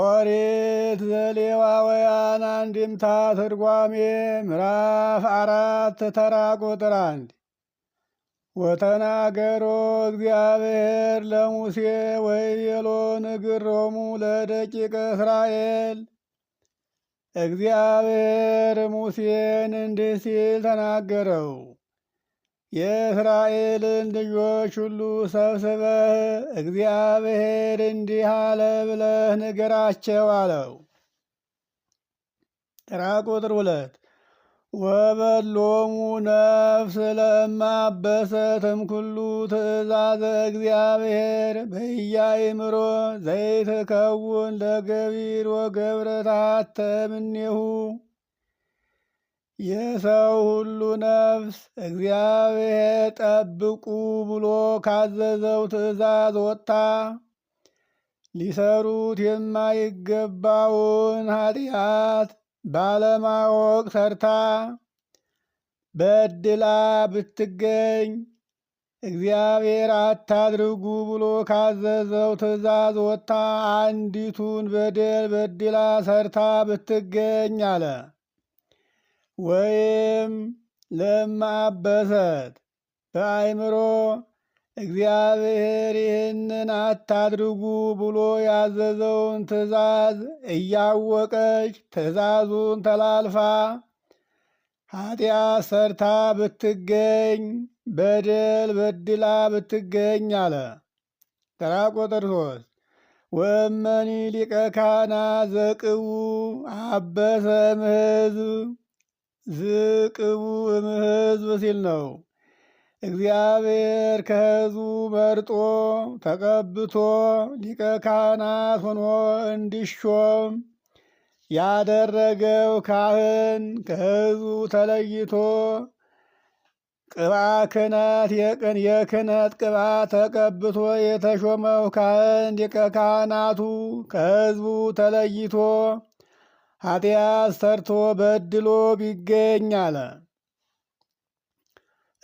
ኦሪት ዘሌዋውያን አንድምታ ትርጓሜ ምዕራፍ አራት ተራ ቁጥር አንድ ወተናገሮ እግዚአብሔር ለሙሴ ወይቤሎ ንግሮሙ ለደቂቅ እስራኤል። እግዚአብሔር ሙሴን እንዲህ ሲል ተናገረው። የእስራኤልን ልጆች ሁሉ ሰብስበህ እግዚአብሔር እንዲህ አለ ብለህ ንገራቸው አለው። ጥራ ቁጥር ሁለት ወበሎሙ ነፍስ ለማበሰትም ኩሉ ትእዛዘ እግዚአብሔር በያይምሮ ዘይትከውን ለገቢር ወገብረ ታተምኔሁ የሰው ሁሉ ነፍስ እግዚአብሔር ጠብቁ ብሎ ካዘዘው ትእዛዝ ወጥታ ሊሰሩት የማይገባውን ኃጢአት ባለማወቅ ሰርታ በድላ ብትገኝ እግዚአብሔር አታድርጉ ብሎ ካዘዘው ትእዛዝ ወጥታ አንዲቱን በደል በድላ ሰርታ ብትገኝ አለ። ወይም ለማበሰት በአይምሮ እግዚአብሔር ይህንን አታድርጉ ብሎ ያዘዘውን ትእዛዝ እያወቀች ትእዛዙን ተላልፋ ኃጢአት ሰርታ ብትገኝ በደል በድላ ብትገኝ አለ። ተራ ቁጥር ሶስት ወመኒ ሊቀ ካህናት ዘቅዉ አበሰም ህዝብ ዝቅቡ እምህዝብ ሲል ነው። እግዚአብሔር ከህዝቡ መርጦ ተቀብቶ ሊቀ ካህናት ሆኖ እንዲሾም ያደረገው ካህን ከሕዝቡ ተለይቶ ቅባ ክህነት የክህነት ቅባ ተቀብቶ የተሾመው ካህን ሊቀ ካህናቱ ከህዝቡ ተለይቶ ኃጢአት ሰርቶ በድሎ ቢገኝ አለ።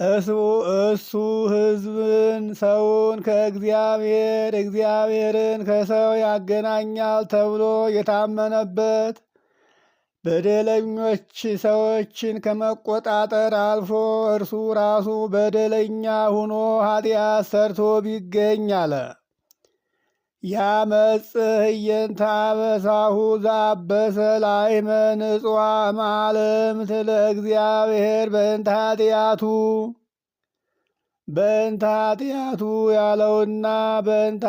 እሱ ህዝብን ሰውን ከእግዚአብሔር እግዚአብሔርን ከሰው ያገናኛል ተብሎ የታመነበት በደለኞች ሰዎችን ከመቆጣጠር አልፎ እርሱ ራሱ በደለኛ ሆኖ ኃጢአት ሰርቶ ቢገኝ አለ። ያመጽእ እየንታ በሳሁ ዛበሰ ላይመ ንጽዋ ማልምት ለእግዚአብሔር በእንታ ጥያቱ ያለውና በእንታ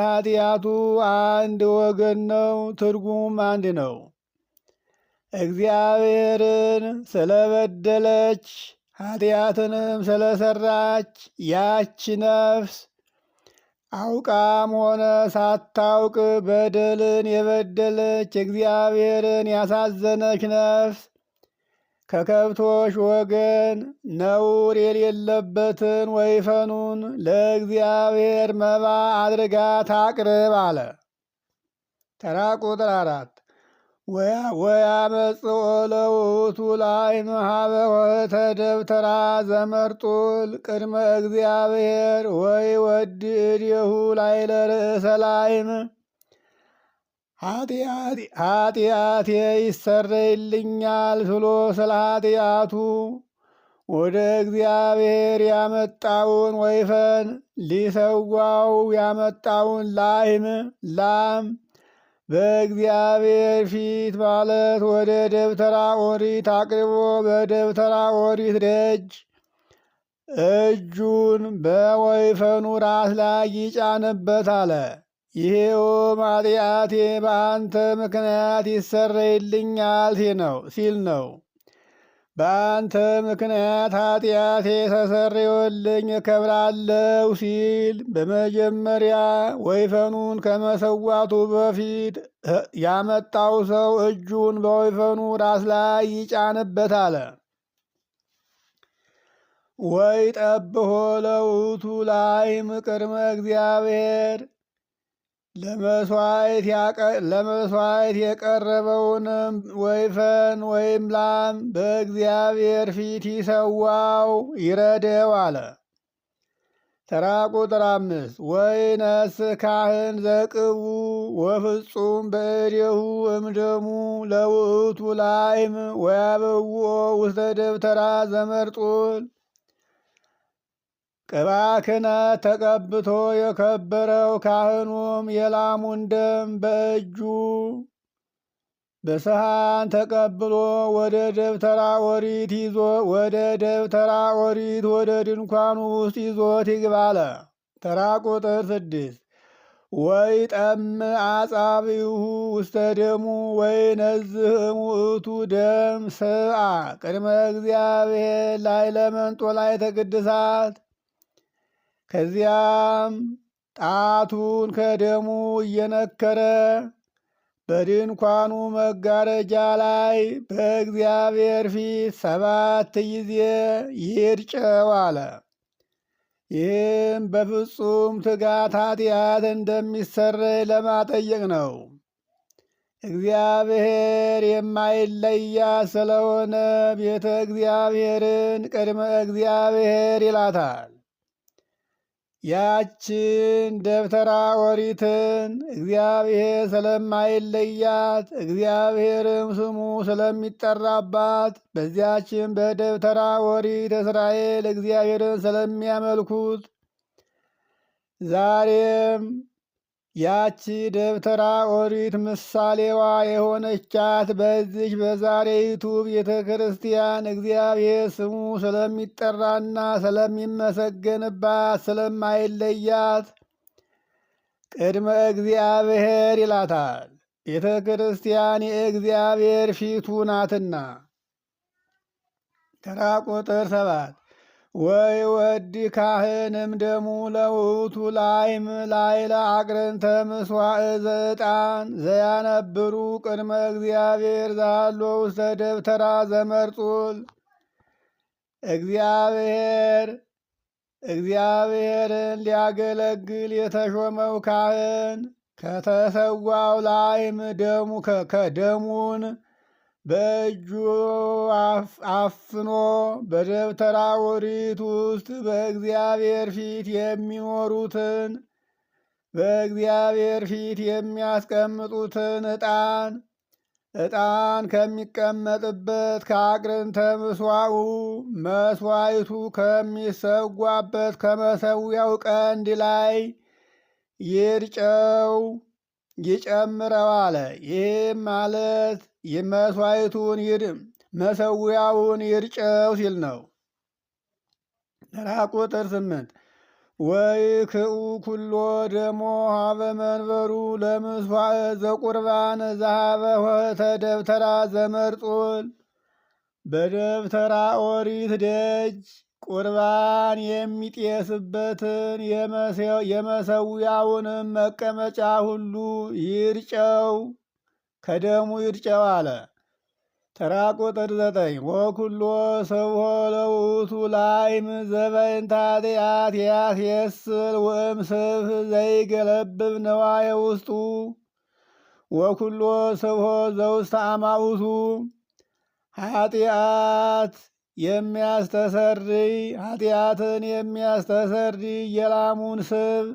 አንድ ወገን ነው። ትርጉም አንድ ነው። እግዚአብሔርን ስለበደለች ኃጢአትንም ስለሰራች ያች ነፍስ አውቃም ሆነ ሳታውቅ በደልን የበደለች እግዚአብሔርን ያሳዘነች ነፍስ ከከብቶች ወገን ነውር የሌለበትን ወይፈኑን ለእግዚአብሔር መባ አድርጋ ታቅርብ አለ። ተራ ቁጥር አራት ወያመጽኦ ላይ ለአይኑ ሀበወተ ደብተራ ዘመርጡል ቅድመ እግዚአብሔር ወይ ወድ የሁ ላይለ ለርእሰ ላይን ኃጢአቴ ይሰረይልኛል ስሎ ስለ ኃጢአቱ ወደ እግዚአብሔር ያመጣውን ወይፈን ሊሰዋው ያመጣውን ላይም ላም በእግዚአብሔር ፊት ማለት ወደ ደብተራ ኦሪት አቅርቦ በደብተራ ኦሪት ደጅ እጁን በወይፈኑ ራስ ላይ ይጫንበት አለ። ይሄውም ኃጢአቴ በአንተ ምክንያት ይሰረይልኛል ሲል ነው። በአንተ ምክንያት ኃጢአቴ ተሰርዮልኝ እከብራለሁ ሲል በመጀመሪያ ወይፈኑን ከመሰዋቱ በፊት ያመጣው ሰው እጁን በወይፈኑ ራስ ላይ ይጫንበት አለ። ወይ ጠብሆ ለውቱ ላይ ምቅርመ እግዚአብሔር ለመስዋዕት የቀረበውንም ወይፈን ወይም ላም በእግዚአብሔር ፊት ይሰዋው ይረደው አለ። ተራ ቁጥር አምስት ወይነስ ካህን ዘቅቡ ወፍጹም በእዴሁ እምደሙ ለውእቱ ላይም ወያበውኦ ውስተ ደብተራ ዘመርጡል ቅባ ክህነት ተቀብቶ የከበረው ካህኑም የላሙን ደም በእጁ በሰሃን ተቀብሎ ወደ ደብተራ ኦሪት ይዞ ወደ ደብተራ ኦሪት ወደ ድንኳኑ ውስጥ ይዞት ይግባለ። ተራ ቁጥር ስድስት ወይ ጠም አጻቢሁ ውስተ ደሙ ወይ ነዝህ ውእቱ ደም ስብአ ቅድመ እግዚአብሔር ላይ ለመንጦ ላይ ተቅድሳት ከዚያም ጣቱን ከደሙ እየነከረ በድንኳኑ መጋረጃ ላይ በእግዚአብሔር ፊት ሰባት ጊዜ ይርጨው አለ። ይህም በፍጹም ትጋት ኃጢአት እንደሚሰረይ ለማጠየቅ ነው። እግዚአብሔር የማይለያ ስለሆነ ቤተ እግዚአብሔርን ቅድመ እግዚአብሔር ይላታል። ያችን ደብተራ ኦሪትን እግዚአብሔር ስለማይለያት እግዚአብሔርም ስሙ ስለሚጠራባት በዚያችን በደብተራ ኦሪት እስራኤል እግዚአብሔርን ስለሚያመልኩት ዛሬም ያቺ ደብተራ ኦሪት ምሳሌዋ የሆነቻት በዚች በዛሬይቱ ቤተ ክርስቲያን እግዚአብሔር ስሙ ስለሚጠራና ስለሚመሰገንባት ስለማይለያት ቅድመ እግዚአብሔር ይላታል። ቤተ ክርስቲያን የእግዚአብሔር ፊቱ ናትና። ተራ ቁጥር ሰባት ወዲ ካህንም ደሙ ለውቱ ላይም ላይለ አቅርንተ ምስዋዕ ዘዕጣን ዘያነብሩ ቅድመ እግዚአብሔር ዛሎ ውስተ ደብተራ ዘመርጹል እግዚአብሔር እግዚአብሔርን ሊያገለግል የተሾመው ካህን ከተሰዋው ላይም ደሙ ከደሙን በእጁ አፍኖ በደብተራ ኦሪት ውስጥ በእግዚአብሔር ፊት የሚኖሩትን በእግዚአብሔር ፊት የሚያስቀምጡትን ዕጣን ዕጣን ከሚቀመጥበት ከአቅርንተ ምስዋዑ መስዋዕቱ ከሚሰጓበት ከመሰዊያው ቀንድ ላይ ይርጨው ይጨምረው አለ። ይህም ማለት የመስዋዕቱን ይድ መሰዊያውን ይርጨው ሲል ነው። ተራ ቁጥር ስምንት ወይ ክኡ ኩሎ ደሞ ሀበ መንበሩ ለምስዋዕ ዘቁርባን ዛሃበ ሆተ ደብተራ ዘመርጡል በደብተራ ኦሪት ደጅ ቁርባን የሚጤስበትን የመሰዊያውንም መቀመጫ ሁሉ ይርጨው ከደሙ ይርጨው አለ። ተራ ቁጥር ዘጠኝ ወኩሎ ሰብሆ ለውቱ ላይም ዘበይንታጢአት ያስየስል ውእም ስፍ ዘይገለብብ ነዋየ ውስጡ ወኩሎ ሰብሆ ዘውስተ አማውቱ ኃጢአት የሚያስተሰርይ ኃጢአትን የሚያስተሰርይ የላሙን ስብ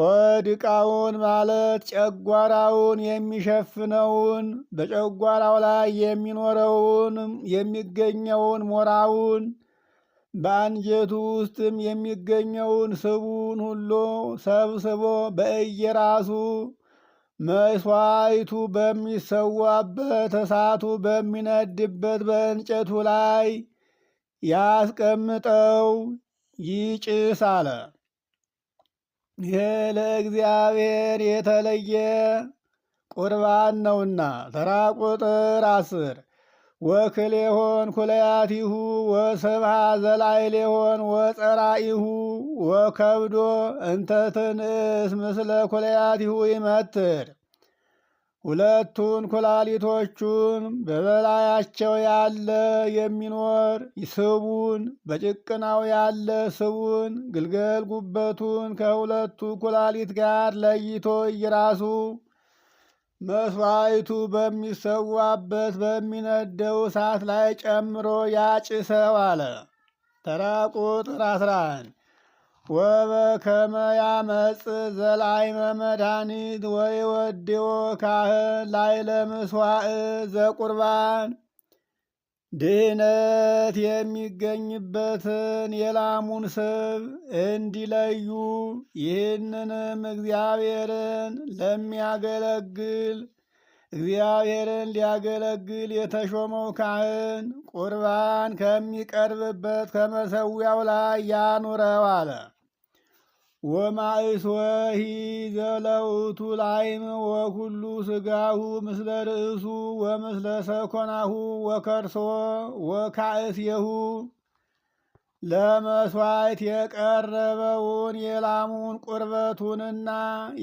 ሆድ ዕቃውን ማለት ጨጓራውን የሚሸፍነውን በጨጓራው ላይ የሚኖረውን የሚገኘውን ሞራውን በአንጀቱ ውስጥም የሚገኘውን ስቡን ሁሉ ሰብስቦ በእየራሱ መስዋይቱ በሚሰዋበት እሳቱ በሚነድበት በእንጨቱ ላይ ያስቀምጠው ይጭስ አለ። ይሄ ለእግዚአብሔር የተለየ ቁርባን ነውና። ተራ ቁጥር አስር ወክሌሆን ኩለያቲሁ ወሰብሃ ዘላይሌሆን ወፀራኢሁ ወከብዶ ምስለ ኩለያት ኩለያቲሁ ይመትር ሁለቱን ኩላሊቶቹን በበላያቸው ያለ የሚኖር ስቡን በጭቅናው ያለ ስቡን ግልገል ጉበቱን ከሁለቱ ኩላሊት ጋር ለይቶ እየራሱ መስዋዕቱ በሚሰዋበት በሚነደው እሳት ላይ ጨምሮ ያጭሰው አለ። ተራ ቁጥር ወበከመ ዘላይ ዘላይመ መድኃኒት ወዲዎ ካህን ላይለ ምስዋዕ ዘቁርባን ድህነት የሚገኝበትን የላሙን ስብ እንዲለዩ ይህንንም እግዚአብሔርን ለሚያገለግል እግዚአብሔርን ሊያገለግል የተሾመው ካህን ቁርባን ከሚቀርብበት ከመሰዊያው ላይ ያኑረው አለ። ወማእሶሂ ዘለውቱ ላይም ወኩሉ ስጋሁ ምስለ ርእሱ ወምስለ ሰኮናሁ ወከርሶ ወካእስየሁ ለመስዋዕት የቀረበውን የላሙን ቁርበቱንና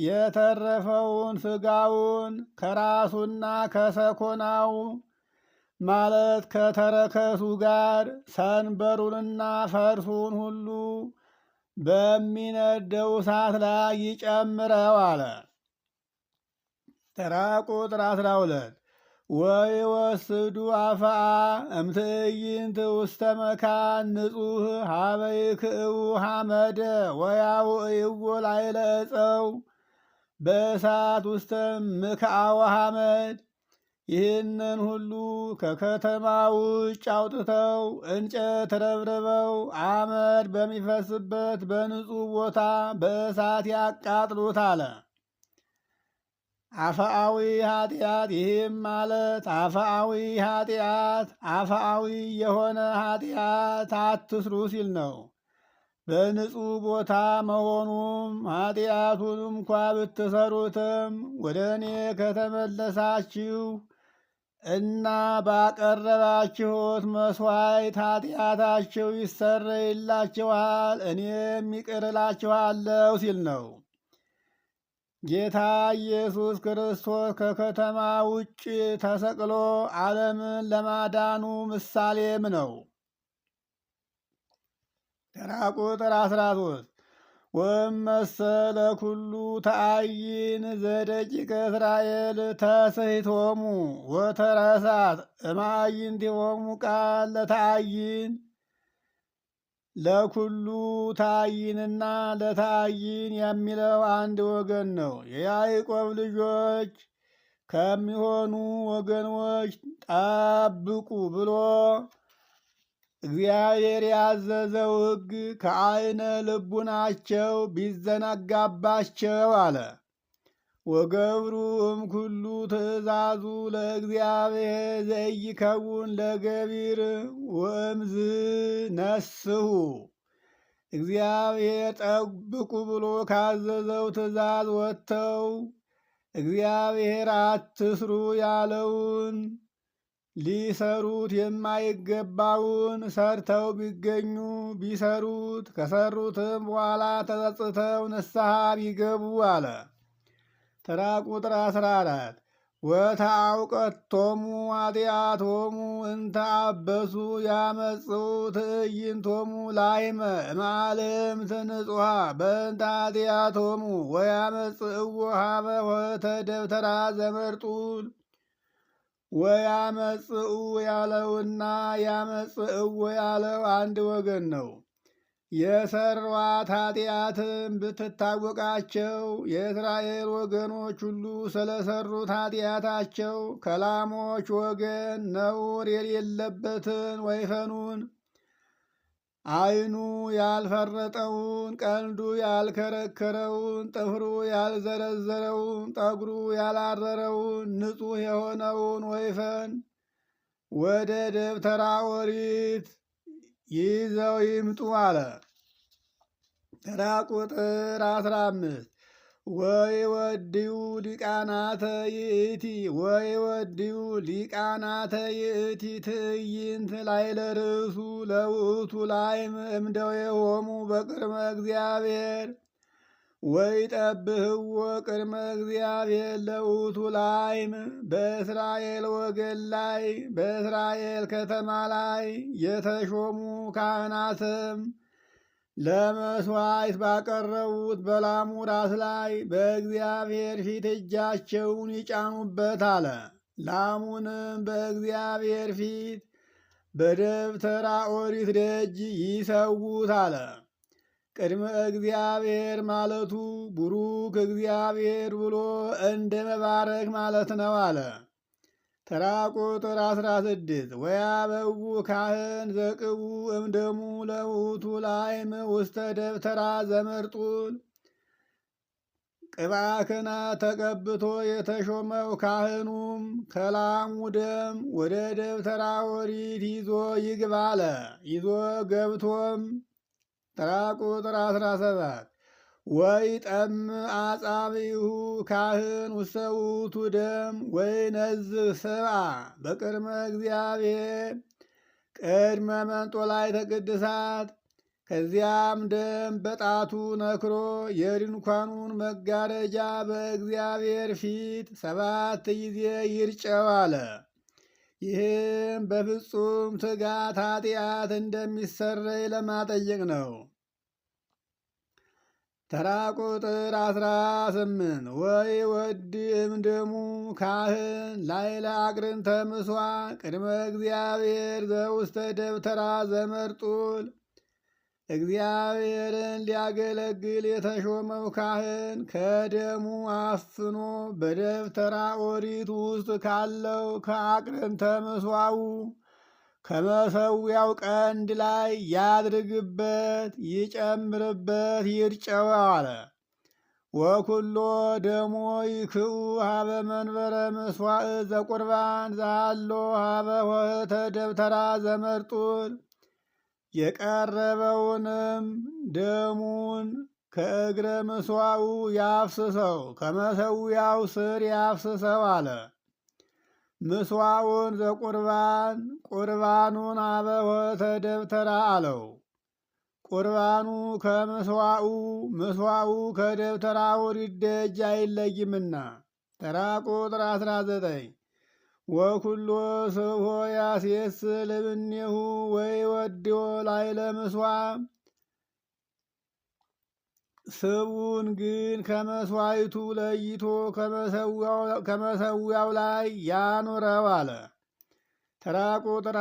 የተረፈውን ስጋውን ከራሱና ከሰኮናው ማለት ከተረከሱ ጋር ሰንበሩንና ፈርሱን ሁሉ በሚነደው እሳት ላይ ይጨምረው አለ። ተራ ቁጥር አስራ ሁለት ወይ ወስዱ አፍአ እምትዕይንት ውስተ መካን ንጹህ ሀበይ ክእው ሐመደ ወያው እይዎ ላይ ለእፀው በእሳት ውስተ ምክአው ሐመድ ይህንን ሁሉ ከከተማ ውጭ አውጥተው እንጨት ረብርበው አመድ በሚፈስበት በንጹሕ ቦታ በእሳት ያቃጥሉት አለ። አፈአዊ ኃጢአት ይህም ማለት አፈአዊ ኃጢአት አፈአዊ የሆነ ኃጢአት አትስሩ ሲል ነው። በንጹሕ ቦታ መሆኑም ኃጢአቱን እንኳ ብትሰሩትም ወደ እኔ ከተመለሳችሁ እና ባቀረባችሁት መሥዋዕት ኃጢአታችሁ ይሰረይላችኋል፣ እኔም ይቅር እላችኋለሁ ሲል ነው። ጌታ ኢየሱስ ክርስቶስ ከከተማ ውጭ ተሰቅሎ ዓለምን ለማዳኑ ምሳሌም ነው። ተራ ቁጥር ወመሰለ ኩሉ ተአይን ዘደቂቀ እስራኤል ተሰይቶሙ ወተረሳት እማይንቲሆሙ ቃል ለተአይን ለኩሉ ታይንና ለታይን የሚለው አንድ ወገን ነው። የያዕቆብ ልጆች ከሚሆኑ ወገኖች ጠብቁ ብሎ እግዚአብሔር ያዘዘው ሕግ ከዐይነ ልቡናቸው ቢዘናጋባቸው አለ። ወገብሩም ኩሉ ትእዛዙ ለእግዚአብሔር ዘይከውን ለገቢር ወእምዝ ነስሁ እግዚአብሔር ጠብቁ ብሎ ካዘዘው ትእዛዝ ወጥተው እግዚአብሔር አትስሩ ያለውን ሊሰሩት የማይገባውን ሰርተው ቢገኙ ቢሰሩት ከሰሩትም በኋላ ተጸጽተው ንስሐ ቢገቡ አለ። ተራ ቁጥር 14 ወተአውቀቶሙ ኃጢአቶሙ እንተ አበሱ ያመጽኡ ትዕይንቶሙ ላይመ እማልእምት ንጹሐ በእንተ ኃጢአቶሙ ወያመጽእዎ ሀበ ደብተራ ዘመርጡል ወያመጽኡ ያለውና ያመጽእው ያለው አንድ ወገን ነው። የሰሯት ኃጢአትም ብትታወቃቸው የእስራኤል ወገኖች ሁሉ ስለሰሩት ኃጢአታቸው ከላሞች ወገን ነውር የሌለበትን ወይፈኑን ዓይኑ ያልፈረጠውን ቀንዱ ያልከረከረውን ጥፍሩ ያልዘረዘረውን ጠጉሩ ያላረረውን ንጹሕ የሆነውን ወይፈን ወደ ደብተራ ኦሪት ይዘው ይምጡ አለ። ተራ ቁጥር አስራ አምስት ወይ ወዲው ሊቃናተ ይእቲ ወይ ወዲው ሊቃናተ ይእቲ ትዕይንት ላይ ለርእሱ ለውእቱ ምእምደው የሆሙ በቅድመ እግዚአብሔር ወይ ጠብህዎ ቅድመ እግዚአብሔር ለውእቱ ላይም በእስራኤል ወገን ላይ በእስራኤል ከተማ ላይ የተሾሙ ካህናትም ለመስዋዕት ባቀረቡት በላሙ ራስ ላይ በእግዚአብሔር ፊት እጃቸውን ይጫኑበት አለ። ላሙንም በእግዚአብሔር ፊት በደብተራ ኦሪት ደጅ ይሰዉት አለ። ቅድመ እግዚአብሔር ማለቱ ቡሩክ እግዚአብሔር ብሎ እንደ መባረክ ማለት ነው አለ። ተራ ቁጥር 16 ወያበው ካህን ዘቅቡ እምደሙ ለውቱ ላይም ውስተ ደብተራ ዘመርጡል ቅባ ተቀብቶ የተሾመው ካህኑም ከላሙ ደም ወደ ደብተራ ወሪት ይዞ ይግባለ ይዞ ገብቶም ተራ ቁጥር 17 ወይ ጠም አጻቢሁ ካህን ውስተ ውእቱ ደም ነዝህ ሰብአ በቅድመ እግዚአብሔር ቅድመ መንጦ ላይ ተቅድሳት ከዚያም ደም በጣቱ ነክሮ የድንኳኑን መጋረጃ በእግዚአብሔር ፊት ሰባት ጊዜ ይርጨው አለ። ይህም በፍጹም ትጋት ኃጢአት እንደሚሰረይ ለማጠየቅ ነው። ተራ ቁጥር አስራ ስምንት ወይ ወዲ ደሙ ካህን ላይለ አቅርንተ ምሷ ቅድመ እግዚአብሔር ዘውስተ ደብተራ ዘመርጡል እግዚአብሔርን ሊያገለግል የተሾመው ካህን ከደሙ አፍኖ በደብተራ ኦሪት ውስጥ ካለው ከአቅርንተ ምሷው ከመሠዊያው ቀንድ ላይ ያድርግበት፣ ይጨምርበት፣ ይርጨው አለ። ወኩሎ ደሞ ይክኡ ሀበ መንበረ ምስዋዕ ዘቁርባን ዛሎ ሀበ ሆህተ ደብተራ ዘመርጡል የቀረበውንም ደሙን ከእግረ ምስዋዑ ያፍስሰው፣ ከመሠዊያው ስር ያፍስሰው አለ። ምስዋውን ዘቁርባን ቁርባኑን አበወተ ደብተራ አለው። ቁርባኑ ከምስዋኡ ምስዋኡ ከደብተራው ሊደጅ አይለይምና። ተራ ቁጥር 19 ወኩሎ ስብሖ ያሴስ ልብኔሁ ወይ ወዲዮ ላይ ለምስዋ ስቡን ግን ከመስዋይቱ ለይቶ ከመሰዊያው ላይ ያኖረው አለ። ተራ ቁጥር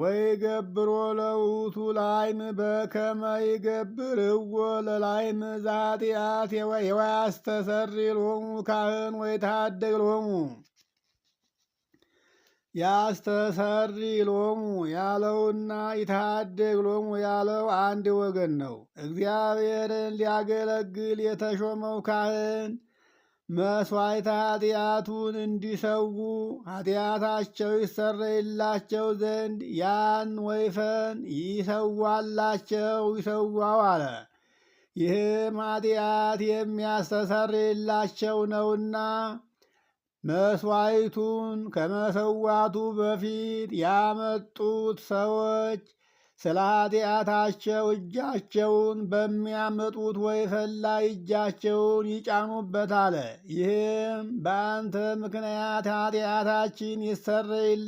ወይ ገብሮ ለውቱ ላይም በከመ ይገብርዎ ለላይም ወይ የወያስተሰሪ ሎሙ ካህን ወይ ታደግ ሎሙ ያስተሰሪ ሎሙ ያለውና ይታደግ ሎሙ ያለው አንድ ወገን ነው። እግዚአብሔርን ሊያገለግል የተሾመው ካህን መስዋዕተ ኃጢአቱን እንዲሰዉ ኃጢአታቸው ይሰረይላቸው ዘንድ ያን ወይፈን ይሰዋላቸው ይሰዋው አለ። ይህም ኃጢአት የሚያስተሰርይላቸው ነውና መስዋዕቱን ከመሰዋቱ በፊት ያመጡት ሰዎች ስለ ኃጢአታቸው እጃቸውን በሚያመጡት ወይፈን ላይ እጃቸውን ይጫኑበታል ይህም በአንተ ምክንያት ኃጢአታችን ይሰረይል